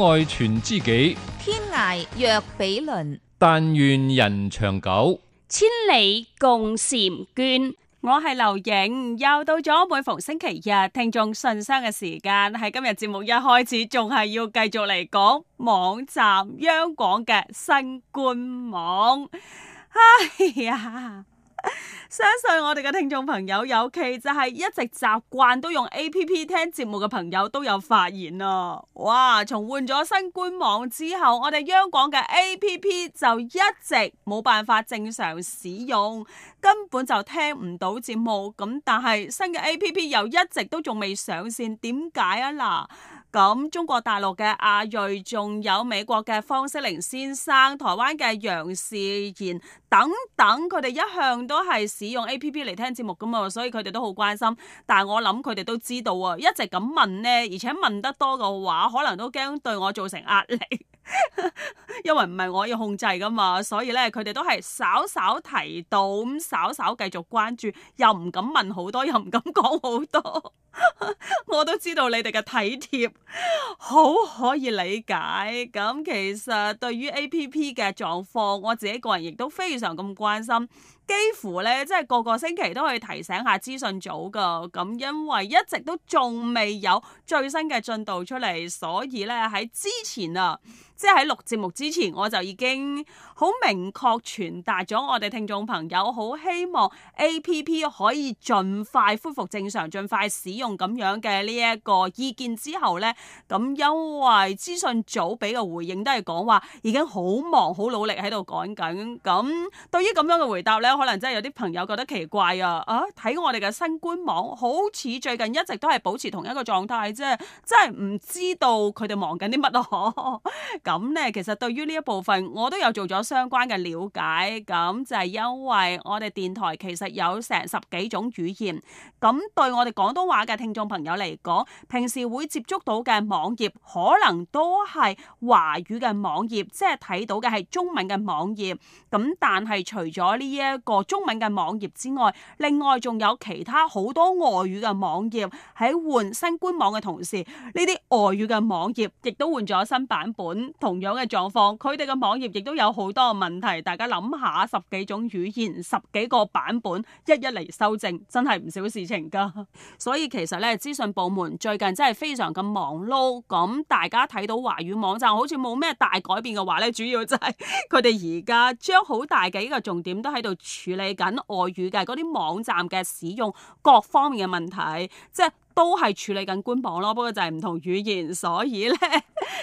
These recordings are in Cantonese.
海內存知己，天涯若比鄰。但願人長久，千里共嬋娟。我係劉影，又到咗每逢星期日聽眾信箱嘅時間，喺今日節目一開始，仲係要繼續嚟講網站央廣嘅新官網。哎呀！相信我哋嘅聽眾朋友，尤其就係一直習慣都用 A P P 聽節目嘅朋友都有發現啊。哇！從換咗新官網之後，我哋央廣嘅 A P P 就一直冇辦法正常使用，根本就聽唔到節目。咁但係新嘅 A P P 又一直都仲未上線，點解啊嗱？咁中國大陸嘅阿瑞，仲有美國嘅方適玲先生，台灣嘅楊仕賢等等，佢哋一向都係使用 APP 嚟聽節目㗎嘛，所以佢哋都好關心。但係我諗佢哋都知道啊，一直咁問呢，而且問得多嘅話，可能都驚對我造成壓力。 因為唔係我要控制噶嘛，所以咧，佢哋都係稍稍提到咁，稍稍繼續關注，又唔敢問好多，又唔敢講好多。 我都知道你哋嘅體貼，好可以理解。咁其實對於 A P P 嘅狀況，我自己個人亦都非常咁關心，幾乎咧，即係個個星期都可以提醒下資訊組噶。咁因為一直都仲未有最新嘅進度出嚟，所以咧喺之前啊。即係喺錄節目之前，我就已經好明確傳達咗我哋聽眾朋友，好希望 A P P 可以盡快恢復正常、盡快使用咁樣嘅呢一個意見。之後呢，咁因為資訊組俾嘅回應都係講話已經好忙、好努力喺度趕緊。咁對於咁樣嘅回答呢，可能真係有啲朋友覺得奇怪啊！啊，睇我哋嘅新官網，好似最近一直都係保持同一個狀態啫，真係唔知道佢哋忙緊啲乜咯，嗬？ 咁咧，其實對於呢一部分，我都有做咗相關嘅了解。咁就係因為我哋電台其實有成十幾種語言，咁對我哋廣東話嘅聽眾朋友嚟講，平時會接觸到嘅網頁可能都係華語嘅網頁，即係睇到嘅係中文嘅網頁。咁但係除咗呢一個中文嘅網頁之外，另外仲有其他好多外語嘅網頁。喺換新官網嘅同時，呢啲外語嘅網頁亦都換咗新版本。同樣嘅狀況，佢哋嘅網頁亦都有好多嘅問題。大家諗下十幾種語言、十幾個版本，一一嚟修正，真係唔少事情㗎。所以其實咧，資訊部門最近真係非常噉忙碌。咁大家睇到華語網站好似冇咩大改變嘅話咧，主要就係佢哋而家將好大嘅一個重點都喺度處理緊外語嘅嗰啲網站嘅使用各方面嘅問題，即係。都係處理緊官網咯，不過就係唔同語言，所以咧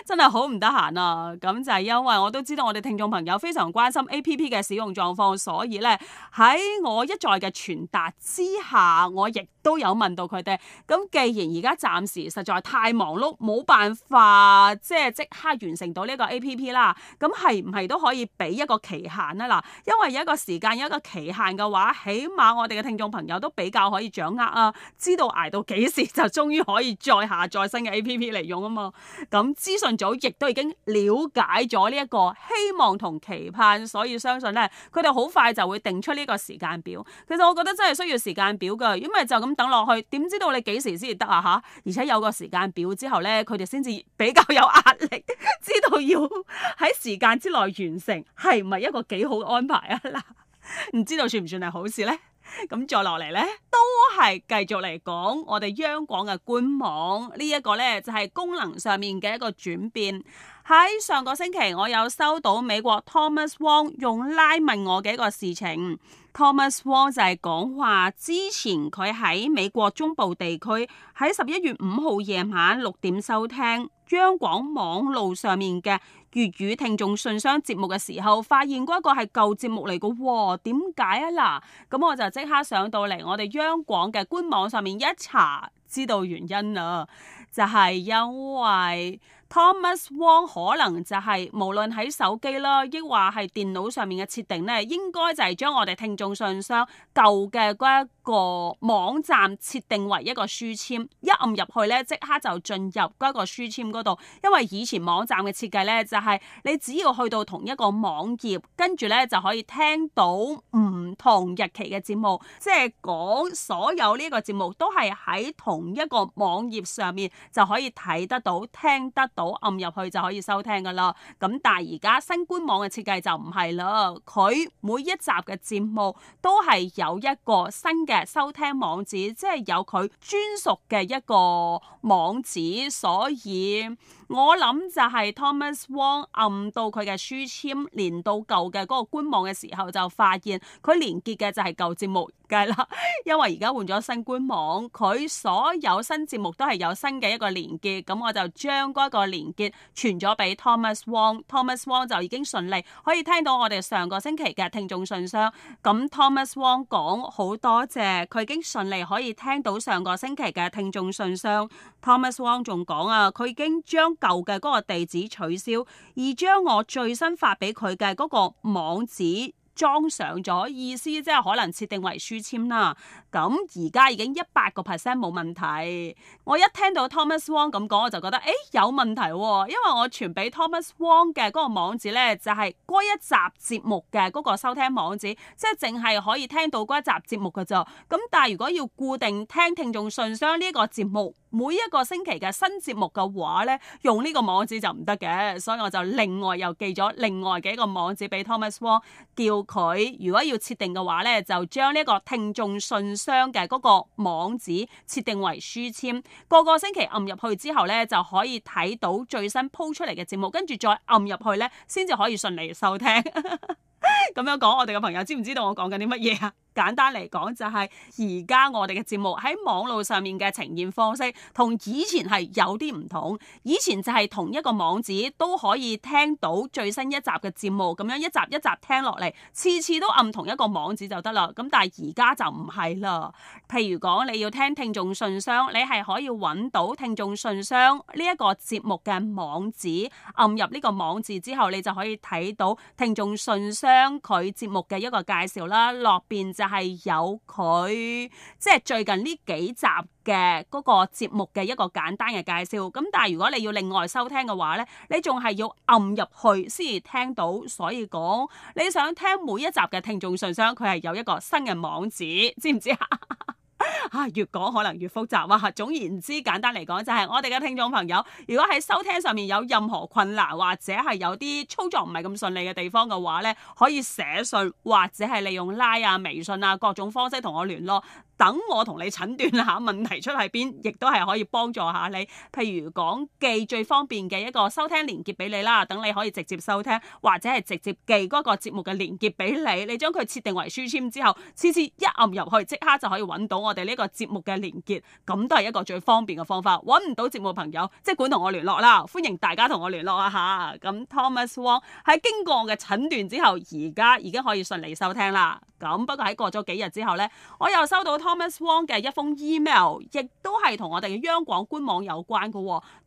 真係好唔得閒啊！咁就係因為我都知道我哋聽眾朋友非常關心 A P P 嘅使用狀況，所以咧喺我一再嘅傳達之下，我亦都有問到佢哋。咁既然而家暫時實在太忙碌，冇辦法即係即刻完成到呢個 A P P 啦，咁係唔係都可以俾一個期限啊？嗱，因為有一個時間，有一個期限嘅話，起碼我哋嘅聽眾朋友都比較可以掌握啊，知道挨到幾時。就終於可以再下載新嘅 A P P 嚟用啊嘛！咁資訊組亦都已經了解咗呢一個希望同期盼，所以相信呢，佢哋好快就會定出呢個時間表。其實我覺得真係需要時間表噶，因為就咁等落去，點知道你幾時先至得啊？嚇！而且有個時間表之後呢，佢哋先至比較有壓力，知道要喺時間之內完成，係唔係一個幾好嘅安排啊？嗱，唔知道算唔算係好事呢。咁再落嚟呢，都係繼續嚟講我哋央廣嘅官網呢一個呢，就係功能上面嘅一個轉變。喺上個星期，我有收到美國 Thomas Wong 用 Line 問我嘅一個事情。Thomas Wong 就係講話之前佢喺美國中部地區喺十一月五號夜晚六點收聽央廣網路上面嘅。粵語聽眾信箱節目嘅時候，發現嗰一個係舊節目嚟嘅喎，點解啊嗱？咁我就即刻上到嚟我哋央廣嘅官網上面一查，知道原因啦，就係因為。Thomas Wong 可能就係、是、無論喺手機啦，抑或係電腦上面嘅設定咧，應該就係將我哋聽眾信箱舊嘅嗰一個網站設定為一個書簽，一撳入去咧，即刻就進入一個書簽嗰度。因為以前網站嘅設計咧，就係你只要去到同一個網頁，跟住咧就可以聽到唔同日期嘅節目，即係講所有呢個節目都係喺同一個網頁上面就可以睇得到、聽得到。到按入去就可以收聽噶啦，咁但係而家新官網嘅設計就唔係啦，佢每一集嘅節目都係有一個新嘅收聽網址，即係有佢專屬嘅一個網址，所以。我諗就係 Thomas Wong 暗到佢嘅書籤連到舊嘅嗰個官網嘅時候，就發現佢連結嘅就係舊節目，梗係啦，因為而家換咗新官網，佢所有新節目都係有新嘅一個連結，咁我就將嗰個連結傳咗俾 Thomas Wong，Thomas Wong 就已經順利可以聽到我哋上個星期嘅聽眾信箱。咁 Thomas Wong 講好多謝，佢已經順利可以聽到上個星期嘅聽眾信箱。Thomas Wong 仲講啊，佢已經將。舊嘅嗰個地址取消，而將我最新發俾佢嘅嗰個網址裝上咗，意思即係可能設定為書籤啦。咁而家已經一百個 percent 冇問題。我一聽到 Thomas Wong 咁講，我就覺得誒有問題喎，因為我傳俾 Thomas Wong 嘅嗰個網址呢，就係嗰一集節目嘅嗰個收聽網址，即係淨係可以聽到嗰一集節目㗎咋。咁但係如果要固定聽，聽聽眾信箱呢個節目，每一個星期嘅新節目嘅話呢，用呢個網址就唔得嘅，所以我就另外又寄咗另外幾個網址俾 Thomas Wong，叫佢如果要設定嘅話呢，就將呢一個聽眾信箱嘅嗰個網址設定為書籤，個個星期撳入去之後呢，就可以睇到最新鋪出嚟嘅節目，跟住再撳入去呢，先至可以順利收聽。咁 樣講，我哋嘅朋友知唔知道我講緊啲乜嘢啊？簡單嚟講就係而家我哋嘅節目喺網路上面嘅呈現方式同以前係有啲唔同。以前就係同一個網址都可以聽到最新一集嘅節目，咁樣一集一集聽落嚟，次次都按同一個網址就得啦。咁但係而家就唔係啦。譬如講你要聽《聽眾信箱》，你係可以揾到《聽眾信箱》呢一個節目嘅網址，按入呢個網址之後，你就可以睇到《聽眾信箱》佢節目嘅一個介紹啦。落邊就是、～係有佢，即係最近呢幾集嘅嗰個節目嘅一個簡單嘅介紹。咁但係如果你要另外收聽嘅話呢，你仲係要撳入去先至聽到。所以講你想聽每一集嘅聽眾信箱，佢係有一個新嘅網址，知唔知啊？ 啊，越講可能越複雜。哇，總言之，簡單嚟講就係我哋嘅聽眾朋友，如果喺收聽上面有任何困難，或者係有啲操作唔係咁順利嘅地方嘅話呢，可以寫信或者係利用 Line 啊、微信啊各種方式同我聯絡。等我同你診斷下問題出喺邊，亦都係可以幫助下你。譬如講，寄最方便嘅一個收聽連結俾你啦，等你可以直接收聽，或者係直接寄嗰個節目嘅連結俾你。你將佢設定為書籤之後，次次一撳入去，即刻就可以搵到我。我哋呢個節目嘅連結，咁都係一個最方便嘅方法。揾唔到節目朋友，即管同我聯絡啦。歡迎大家同我聯絡啊！嚇，咁 Thomas Wong 喺經過我嘅診斷之後，而家已經可以順利收聽啦。咁不過喺過咗幾日之後呢，我又收到 Thomas Wong 嘅一封 email，亦都係同我哋嘅央廣官網有關嘅。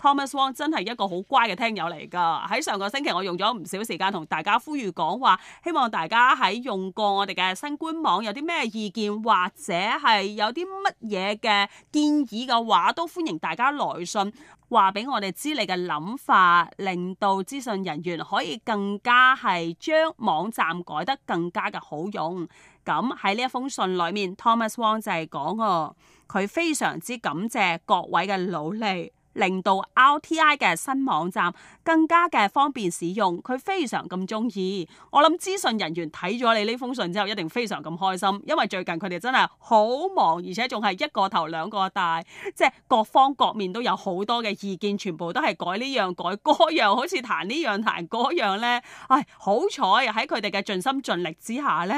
Thomas Wong 真係一個好乖嘅聽友嚟㗎。喺上個星期，我用咗唔少時間同大家呼籲講話，希望大家喺用過我哋嘅新官網有啲咩意見，或者係有啲啲乜嘢嘅建議嘅話，都歡迎大家來信話俾我哋知你嘅諗法，令到資訊人員可以更加係將網站改得更加嘅好用。咁喺呢一封信裏面，Thomas Wong 就係講哦，佢非常之感謝各位嘅努力。令到 RTI 嘅新網站更加嘅方便使用，佢非常咁中意。我諗資訊人員睇咗你呢封信之後，一定非常咁開心，因為最近佢哋真係好忙，而且仲係一個頭兩個大，即係各方各面都有好多嘅意見，全部都係改呢樣改嗰樣，好似彈呢樣彈嗰樣呢。唉，好彩喺佢哋嘅盡心盡力之下呢，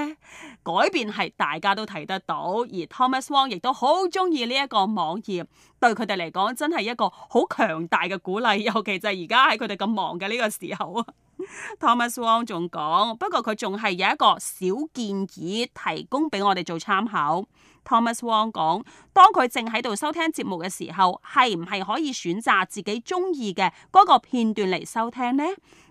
改變係大家都睇得到，而 Thomas Wong 亦都好中意呢一個網頁。對佢哋嚟講真係一個好強大嘅鼓勵，尤其就係而家喺佢哋咁忙嘅呢個時候啊。 Thomas Wong 仲講，不過佢仲係有一個小建議提供俾我哋做參考。Thomas Wong 講，當佢正喺度收聽節目嘅時候，係唔係可以選擇自己中意嘅嗰個片段嚟收聽呢？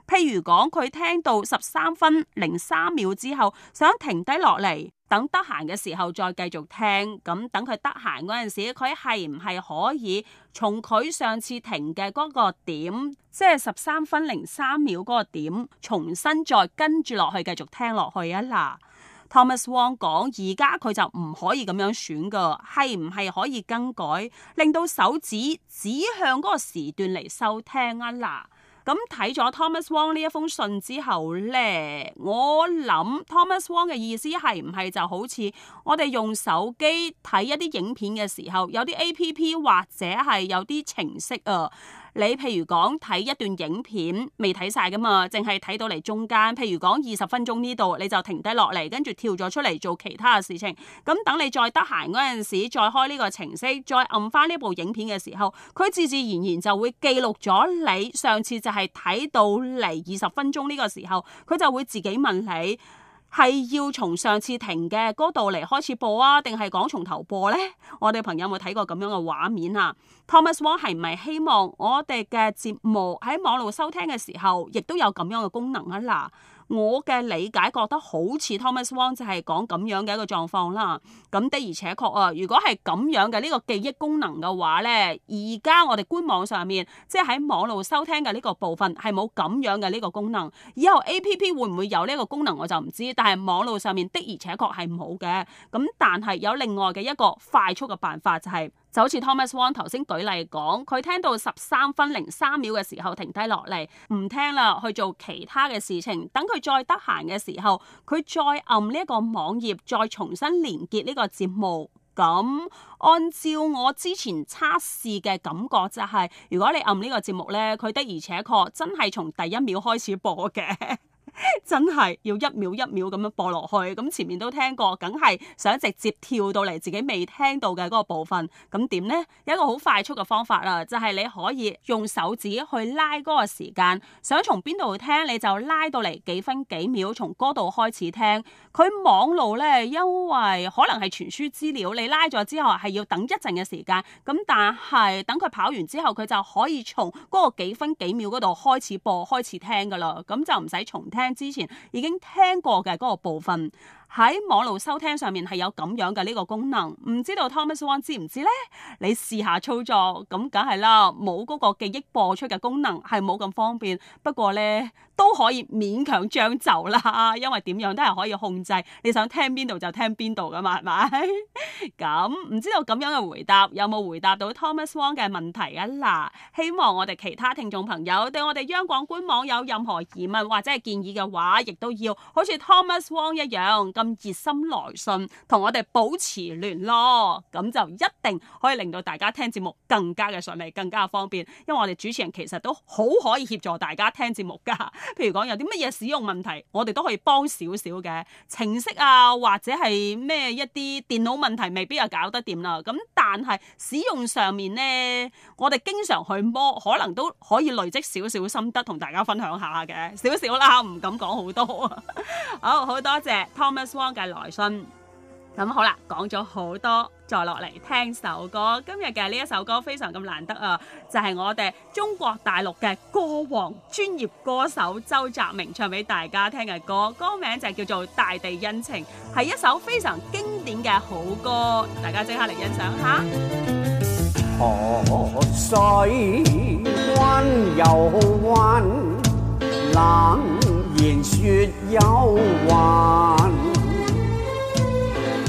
譬如講佢聽到十三分零三秒之後，想停低落嚟。等得閒嘅時候再繼續聽，咁等佢得閒嗰陣時，佢係唔係可以從佢上次停嘅嗰個點，即係十三分零三秒嗰個點，重新再跟住落去繼續聽落去啊？嗱，Thomas Wong 講而家佢就唔可以咁樣選㗎，係唔係可以更改，令到手指指向嗰個時段嚟收聽啊？嗱。咁睇咗 Thomas Wong 呢一封信之後呢，我諗 Thomas Wong 嘅意思係唔係就好似我哋用手機睇一啲影片嘅時候，有啲 APP 或者係有啲程式啊？你譬如講睇一段影片，未睇晒噶嘛，淨係睇到嚟中間，譬如講二十分鐘呢度，你就停低落嚟，跟住跳咗出嚟做其他嘅事情。咁等你再得閒嗰陣時，再開呢個程式，再按翻呢部影片嘅時候，佢自自然然就會記錄咗你上次就係睇到嚟二十分鐘呢個時候，佢就會自己問你。係要從上次停嘅嗰度嚟，開始播啊？定係講從頭播呢？我哋朋友有冇睇過咁樣嘅畫面啊？Thomas Wong 係唔係希望我哋嘅節目喺網絡收聽嘅時候，亦都有咁樣嘅功能啊？嗱。我嘅理解覺得好似 Thomas Wong 就係講咁樣嘅一個狀況啦，咁的而且確啊！如果係咁樣嘅呢個記憶功能嘅話呢，而家我哋官網上面即係喺網絡收聽嘅呢個部分係冇咁樣嘅呢個功能，以後 APP 會唔會有呢個功能我就唔知，但係網路上面的而且確係冇嘅。咁但係有另外嘅一個快速嘅辦法就係、是。就好似 Thomas Wong 頭先舉例講，佢聽到十三分零三秒嘅時候停低落嚟，唔聽啦，去做其他嘅事情。等佢再得閒嘅時候，佢再按呢一個網頁，再重新連結呢個節目。咁按照我之前測試嘅感覺就係，如果你按呢個節目呢，佢的而且確真係從第一秒開始播嘅。 真係要一秒一秒咁樣播落去，咁前面都聽過，梗係想直接跳到嚟，自己未聽到嘅嗰個部分。咁點呢？有一個好快速嘅方法啦，就係你可以用手指去拉嗰個時間，想從邊度聽你就拉到嚟幾分幾秒，從嗰度開始聽。佢網路呢，因為可能係傳輸資料，你拉咗之後係要等一陣嘅時間。咁但係等佢跑完之後，佢就可以從嗰個幾分幾秒嗰度開始播開始聽噶啦。咁就唔使重聽。聽之前已經聽過嘅嗰個部分。喺網絡收聽上面係有咁樣嘅呢個功能，唔知道 Thomas Wong 知唔知呢？你試下操作，咁梗係啦，冇嗰個記憶播出嘅功能係冇咁方便，不過呢，都可以勉強將就啦，因為點樣都係可以控制，你想聽邊度就聽邊度噶嘛，係咪？咁 唔知道咁樣嘅回答有冇回答到 Thomas Wong 嘅問題啊？嗱，希望我哋其他聽眾朋友對我哋央廣官網有任何疑問或者係建議嘅話，亦都要好似 Thomas Wong 一樣。咁熱心來信，同我哋保持聯絡，咁就一定可以令到大家聽節目更加嘅順利，更加方便。因為我哋主持人其實都好可以協助大家聽節目噶，譬如講有啲乜嘢使用問題，我哋都可以幫少少嘅程式啊，或者係咩一啲電腦問題，未必啊搞得掂啦。咁但係使用上面呢，我哋經常去摸，可能都可以累積少少心得，同大家分享下嘅少少啦，唔敢講好多。 好好多謝 Thomas。王嘅來信，咁好啦，講咗好多，再落嚟聽首歌。今日嘅呢一首歌非常咁難得啊，就係我哋中國大陸嘅歌王專業歌手周澤明唱俾大家聽嘅歌，歌名就叫做《大地恩情》，係一首非常經典嘅好歌，大家即刻嚟欣賞吓。河水溫柔溫，冷言說幽怨。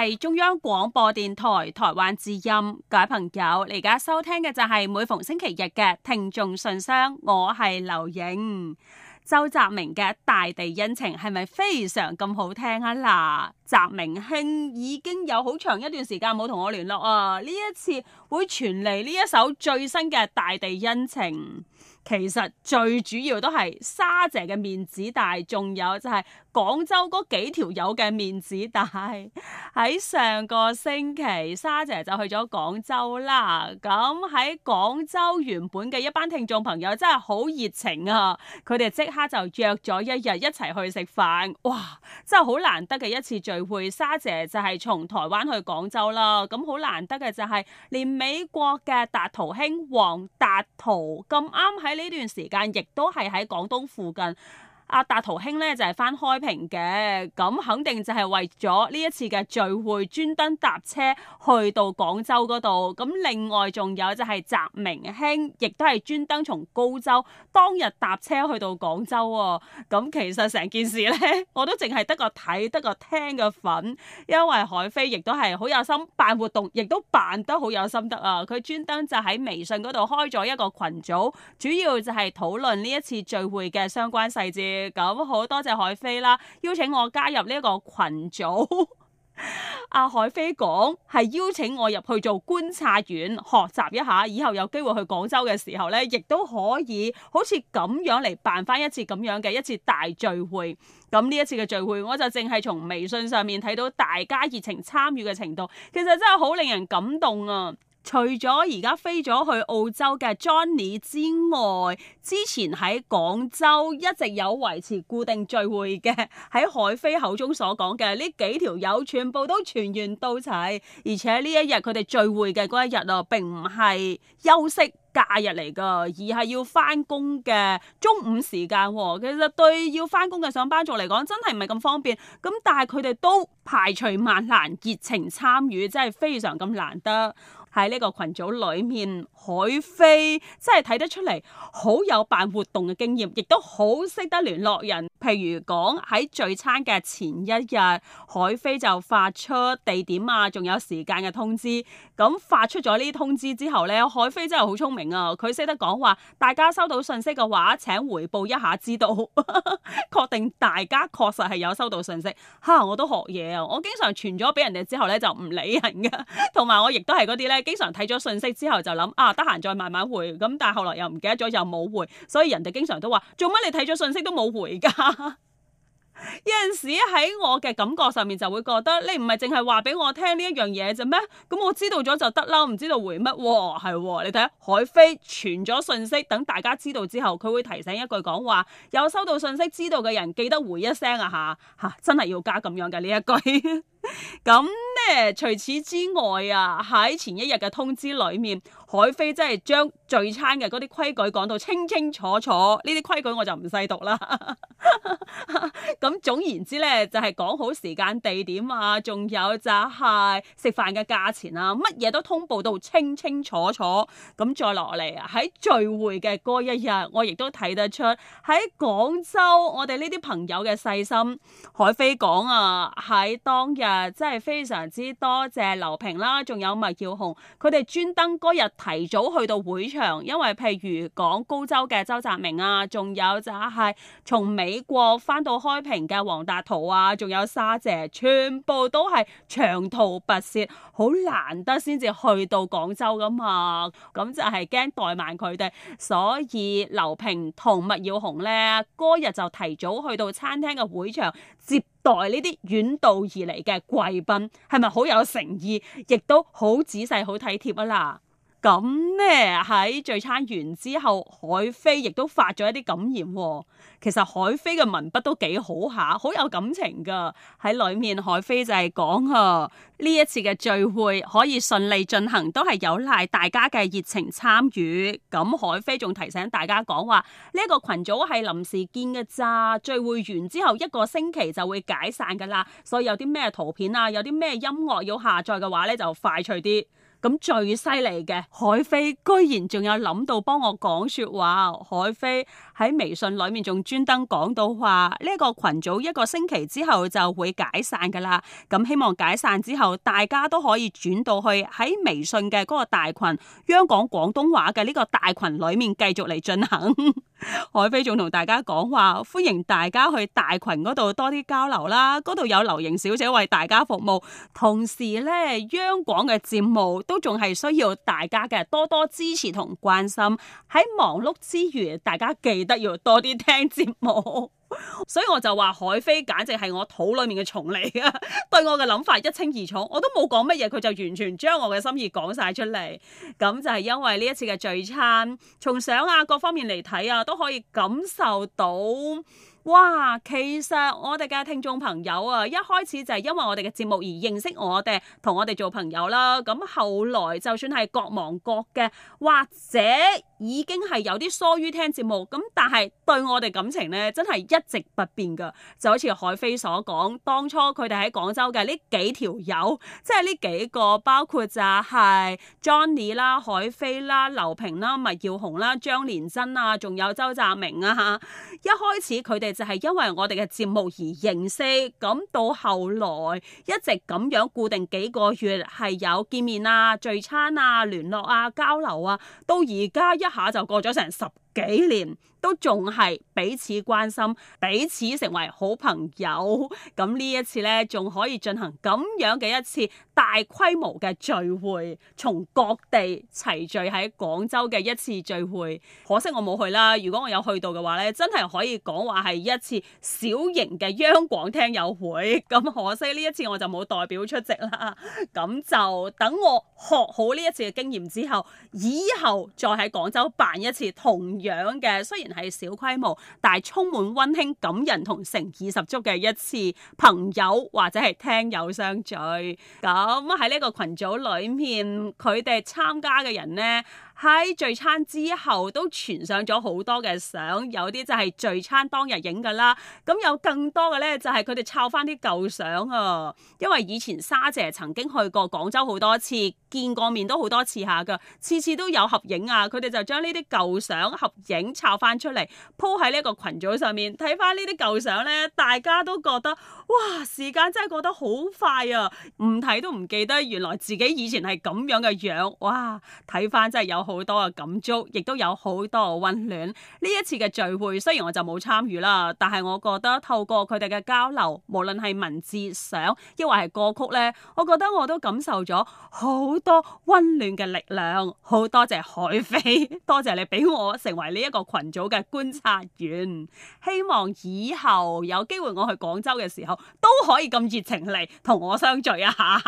係中央廣播電台台灣之音，各位朋友，你而家收聽嘅就係每逢星期日嘅聽眾信箱，我係劉影，周澤明嘅《大地恩情》係咪非常咁好聽啊？嗱，澤明兄已經有好長一段時間冇同我聯絡啊，呢一次會傳嚟呢一首最新嘅《大地恩情》。其實最主要都係沙姐嘅面子，大仲有就係廣州幾條友嘅面子。大，喺上個星期，沙姐就去咗廣州啦。咁喺廣州原本嘅一班聽眾朋友真係好熱情啊！佢哋即刻就約咗一日一齊去食飯，哇！真係好難得嘅一次聚會，沙姐就係從台灣去廣州啦。咁好難得嘅就係連美國嘅達圖兄黃達圖咁啱喺。喺呢段時間亦都係喺廣東附近。阿達陶興咧就係、是、翻開平嘅，咁肯定就係為咗呢一次嘅聚會專登搭車，車去到廣州嗰、哦、度。咁另外仲有就係習明興，亦都係專登從高州當日搭車去到廣州喎。咁其實成件事呢，我都淨係得個睇得個聽嘅份，因為海飛亦都係好有心辦活動，亦都辦得好有心得啊。佢專登就喺微信嗰度開咗一個群組，主要就係討論呢一次聚會嘅相關細節。咁好、嗯、多謝海飛啦，邀請我加入呢一個群組。阿、 啊、海飛講係邀請我入去做觀察員，學習一下，以後有機會去廣州嘅時候呢，亦都可以好似咁樣嚟辦翻一次咁樣嘅一次大聚會。咁呢一次嘅聚會，我就淨係從微信上面睇到大家熱情參與嘅程度，其實真係好令人感動啊！除咗而家飛咗去澳洲嘅 Johnny 之外，之前喺廣州一直有維持固定聚會嘅，喺海飛口中所講嘅呢幾條友全部都全員到齊，而且呢一日佢哋聚會嘅嗰一日啊，並唔係休息假日嚟噶，而係要翻工嘅中午時間，其實對要翻工嘅上班族嚟講真係唔係咁方便。咁但係佢哋都排除萬難，熱情參與，真係非常咁難得。喺呢個群組裏面，海飛真係睇得出嚟好有辦活動嘅經驗，亦都好識得聯絡人。譬如講喺聚餐嘅前一日，海飛就發出地點啊，仲有時間嘅通知。咁發出咗呢啲通知之後咧，海飛真係好聰明啊！佢識得講話，大家收到信息嘅話，請回報一下，知道確 定大家確實係有收到信息。嚇！我都學嘢啊，我經常傳咗俾人哋之後咧，就唔理人噶，同埋我亦都係啲咧。經常睇咗信息之後就諗啊，得閒再慢慢回咁，但係後來又唔記得咗，又冇回，所以人哋經常都話，做乜你睇咗信息都冇回噶？ 有陣時喺我嘅感覺上面就會覺得，你唔係淨係話俾我聽呢一樣嘢啫咩？咁我知道咗就得啦，唔知道回乜。係喎，你睇下海飛傳咗信息，等大家知道之後，佢會提醒一句講話，有收到信息知道嘅人記得回一聲啊，吓吓、啊啊，真係要加咁樣嘅呢一句。 咁 呢除此之外啊，喺前一日嘅通知裏面。海飛真係將聚餐嘅嗰啲規矩講到清清楚楚，呢啲規矩我就唔使讀啦。咁 總言之呢就係、是、講好時間地點啊，仲有就係食飯嘅價錢啊，乜嘢都通報到清清楚楚。咁再落嚟啊，喺聚會嘅嗰一日，我亦都睇得出喺廣州我哋呢啲朋友嘅細心。海飛講啊，喺當日真係非常之多謝劉平啦，仲有麥耀紅，佢哋專登嗰日提早去到會場，因為譬如講高州嘅周澤明啊，仲有就係從美國返到開平嘅黃達圖啊，仲有沙姐，全部都係長途跋涉，好難得先至去到廣州㗎嘛。咁就係驚怠慢佢哋，所以劉平同麥耀紅呢，嗰日就提早去到餐廳嘅會場接待呢啲遠道而嚟嘅貴賓，係咪好有誠意，亦都好仔細、好體貼啊？啦～咁咧喺聚餐完之後，海飛亦都發咗一啲感染，哦。其實海飛嘅文筆都幾好下，好有感情噶。喺裏面，海飛就係講啊，呢一次嘅聚會可以順利進行，都係有賴大家嘅熱情參與。咁，嗯，海飛仲提醒大家講話，呢，這一個羣組係臨時建嘅咋，聚會完之後一個星期就會解散噶啦。所以有啲咩圖片啊，有啲咩音樂要下載嘅話，呢就快脆啲。咁最犀利嘅，海飛居然仲有諗到幫我講說話，海飛喺微信裏面仲專登講到話呢個羣組一個星期之後就會解散噶啦。咁希望解散之後，大家都可以轉到去喺微信嘅嗰個大群，央廣廣東話嘅呢個大群裏面繼續嚟進行。 海飛仲同大家講話，歡迎大家去大群嗰度多啲交流啦，嗰度有劉瑩小姐為大家服務，同時咧，央廣嘅節目。都仲係需要大家嘅多多支持同關心，喺忙碌之餘，大家記得要多啲聽節目。 所以我就話海飛簡直係我肚裏面嘅蟲嚟啊！ 對我嘅諗法一清二楚，我都冇講乜嘢，佢就完全將我嘅心意講晒出嚟。咁就係因為呢一次嘅聚餐，從相啊各方面嚟睇啊，都可以感受到。哇，其實我哋嘅聽眾朋友啊，一開始就係因為我哋嘅節目而認識我哋，同我哋做朋友啦。咁後來就算係各忙各嘅，或者～已經係有啲疏於聽節目咁，但係對我哋感情呢，真係一直不變噶。就好似海飛所講，當初佢哋喺廣州嘅呢幾條友，即係呢幾個，包括就係 Johnny 啦、海飛啦、劉平啦、麥耀紅啦、張連真啊，仲有周澤明啊嚇。一開始佢哋就係因為我哋嘅節目而認識，咁到後來一直咁樣固定幾個月係有見面啊、聚餐啊、聯絡啊、交流啊，到而家一下就過咗成十幾年。都仲係彼此關心，彼此成為好朋友。咁呢一次咧，仲可以進行咁樣嘅一次大規模嘅聚會，從各地齊聚喺廣州嘅一次聚會，可惜我冇去啦。如果我有去到嘅話咧，真係可以講話，係一次小型嘅央廣聽友會，咁可惜呢一次我就冇代表出席啦。咁就等我學好呢一次嘅經驗之後，以後再喺廣州辦一次同樣嘅，雖然。係小規模，但係充滿溫馨、感人同誠意十足嘅一次朋友或者係聽友相聚。咁喺呢個群組裏面，佢哋參加嘅人呢。喺聚餐之後都傳上咗好多嘅相，有啲就係聚餐當日影噶啦。咁有更多嘅咧，就係佢哋抄翻啲舊相啊。因為以前沙姐曾經去過廣州好多次，見過面都好多次下噶，次次都有合影啊。佢哋就將呢啲舊相合影抄翻出嚟鋪喺呢個群組上面。睇翻呢啲舊相咧，大家都覺得哇，時間真係過得好快啊！唔睇都唔記得，原來自己以前係咁樣嘅樣哇，睇翻真係有～好多嘅感觸，亦都有好多嘅溫暖。呢一次嘅聚會，雖然我就冇參與啦，但係我覺得透過佢哋嘅交流，無論係文字上，亦或係歌曲呢，我覺得我都感受咗好多溫暖嘅力量。好多謝海飛，多謝你俾我成為呢一個群組嘅觀察員。希望以後有機會我去廣州嘅時候，都可以咁熱情嚟同我相聚一下，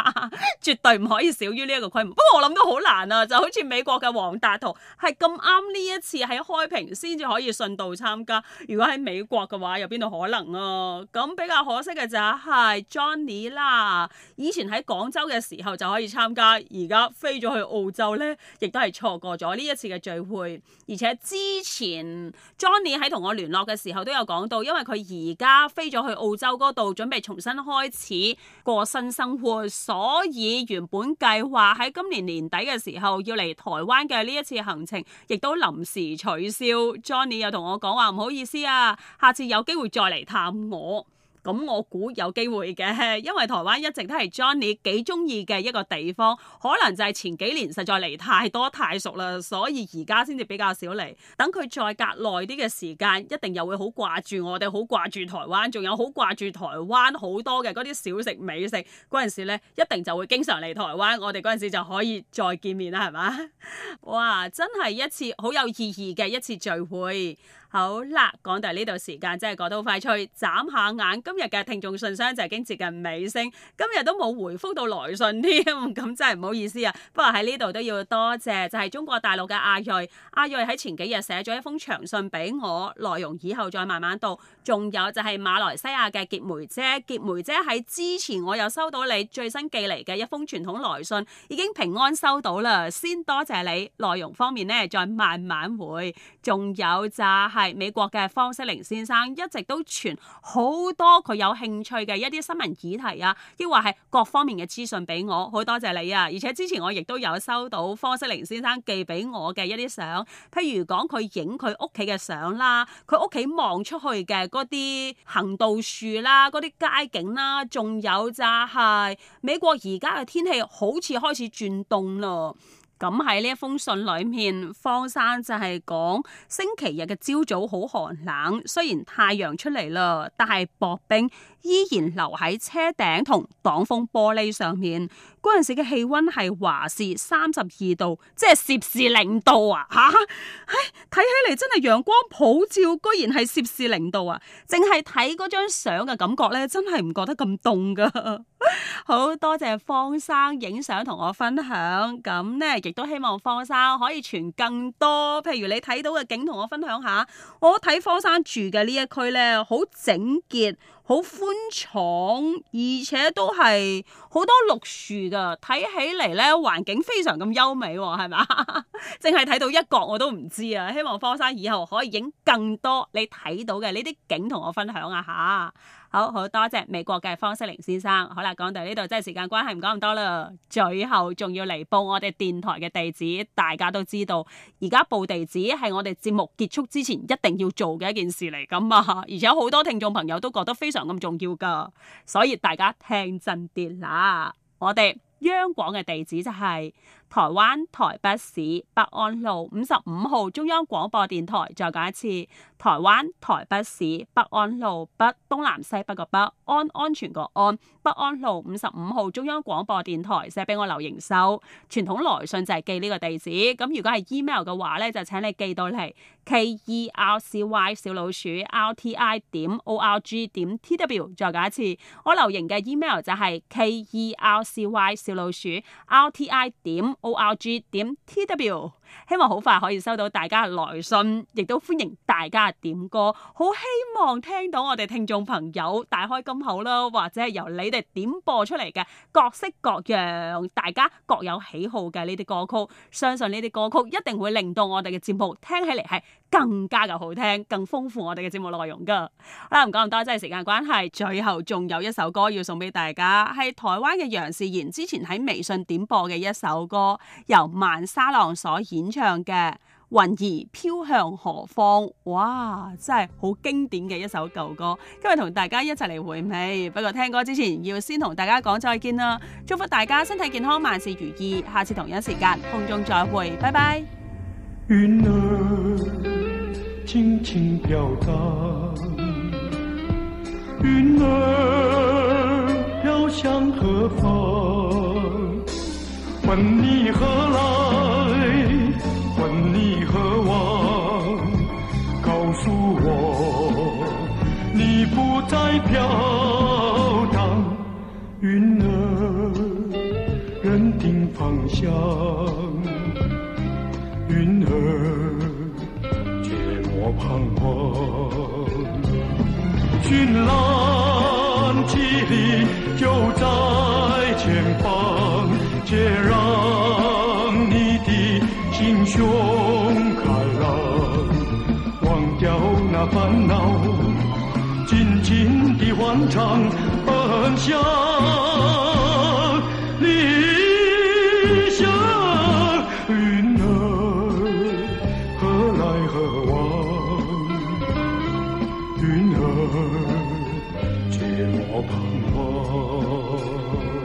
絕對唔可以少於呢一個規模。不過我諗都好難啊，就好似美國嘅黃。大圖係咁啱呢一次喺開平先至可以順道參加。如果喺美國嘅話，有邊度可能啊？咁比較可惜嘅就係 Johnny 啦。以前喺廣州嘅時候就可以參加，而家飛咗去澳洲咧，亦都係錯過咗呢一次嘅聚會，而且之前 Johnny 喺同我聯絡嘅時候都有講到，因為佢而家飛咗去澳洲度，準備重新開始過新生活，所以原本計劃喺今年年底嘅時候要嚟台灣嘅。呢一次行程亦都臨時取消，Johnny 又同我講，話唔好意思啊，下次有機會再嚟探我。咁我估有機會嘅，因為台灣一直都係 Johnny 幾中意嘅一個地方，可能就係前幾年實在嚟太多太熟啦，所以而家先至比較少嚟。等佢再隔耐啲嘅時間，一定又會好掛住我哋，好掛住台灣，仲有好掛住台灣好多嘅嗰啲小食美食。嗰陣時呢，一定就會經常嚟台灣，我哋嗰陣時就可以再見面啦，係嘛？哇！真係一次好有意義嘅一次聚會。好啦，講到呢度時間真係過到快脆，眨下眼今日嘅聽眾信箱就已經接近尾聲，今日都冇回覆到來信添，咁真係唔好意思啊。不過喺呢度都要多謝，就係中國大陸嘅阿瑞，阿瑞喺前幾日寫咗一封長信俾我，內容以後再慢慢讀。仲有就係馬來西亞嘅潔梅姐，潔梅姐喺之前我有收到你最新寄嚟嘅一封傳統來信，已經平安收到啦，先多謝你。內容方面呢，再慢慢回。仲有就係係美國嘅方適玲先生一直都傳好多佢有興趣嘅一啲新聞議題啊，抑或係各方面嘅資訊俾我，好多謝你啊！而且之前我亦都有收到方適玲先生寄俾我嘅一啲相，譬如講佢影佢屋企嘅相啦，佢屋企望出去嘅嗰啲行道樹啦、嗰啲街景啦，仲有就係美國而家嘅天氣好似開始轉凍咯。咁喺呢一封信裏面，方生就係講星期日嘅朝早好寒冷，雖然太陽出嚟啦，但係薄冰依然留喺車頂同擋風玻璃上面。陣時嘅氣溫係華氏三十二度，即係攝氏零度啊！吓、唉，睇起嚟真係陽光普照，居然係攝氏零度啊！淨係睇張相嘅感覺咧，真係唔覺得咁凍噶。好多謝方生影相同我分享，咁咧。都希望科生可以傳更多，譬如你睇到嘅景同我分享下。我睇科生住嘅呢一區呢，好整潔，好寬敞，而且都係好多綠樹噶，睇起嚟呢，環境非常咁優美，哦，係咪？淨係睇到一角我都唔知啊！希望科生以後可以影更多你睇到嘅呢啲景同我分享啊吓！好好多謝美國嘅方思玲先生，好啦，講到呢度真係時間關係唔講咁多啦。最後仲要嚟報我哋電台嘅地址，大家都知道而家報地址係我哋節目結束之前一定要做嘅一件事嚟噶嘛，而且好多聽眾朋友都覺得非常咁重要噶，所以大家聽真啲啦，我哋央廣嘅地址就係，是。台灣台北市北安路五十五號中央廣播電台。再講一次，台灣台北市北安路北東南西北個北安安全個安北安路五十五號中央廣播電台。寫俾我留言收。傳統來信就係寄呢個地址。咁如果係 email 嘅話咧，就請你寄到嚟 kercy 小老鼠 rti 點 org 點 tw。再講一次，我留言嘅 email 就係 kercy 小老鼠 rti 點 org 點 tw，希望好快可以收到大家嘅來信，亦都歡迎大家點歌，好希望聽到我哋聽眾朋友大開金口啦，或者係由你哋點播出嚟嘅各式各樣，大家各有喜好嘅呢啲歌曲，相信呢啲歌曲一定會令到我哋嘅節目聽起嚟係更加嘅好聽，更豐富我哋嘅節目內容噶。好啦，唔講咁多，真係時間關係，最後仲有一首歌要送俾大家，係台灣嘅楊士賢之前喺微信點播嘅一首歌。由萬沙浪所演唱嘅《雲兒飄向何方》哇，真係好經典嘅一首舊歌。今日同大家一齊嚟回味。不過聽歌之前要先同大家講再見啦，祝福大家身體健康，萬事如意。下次同一時間空中再會，拜拜。問你何來，問你何往？告訴我，你不再漂。想你想，雲兒何來何往？雲兒，切莫彷徨。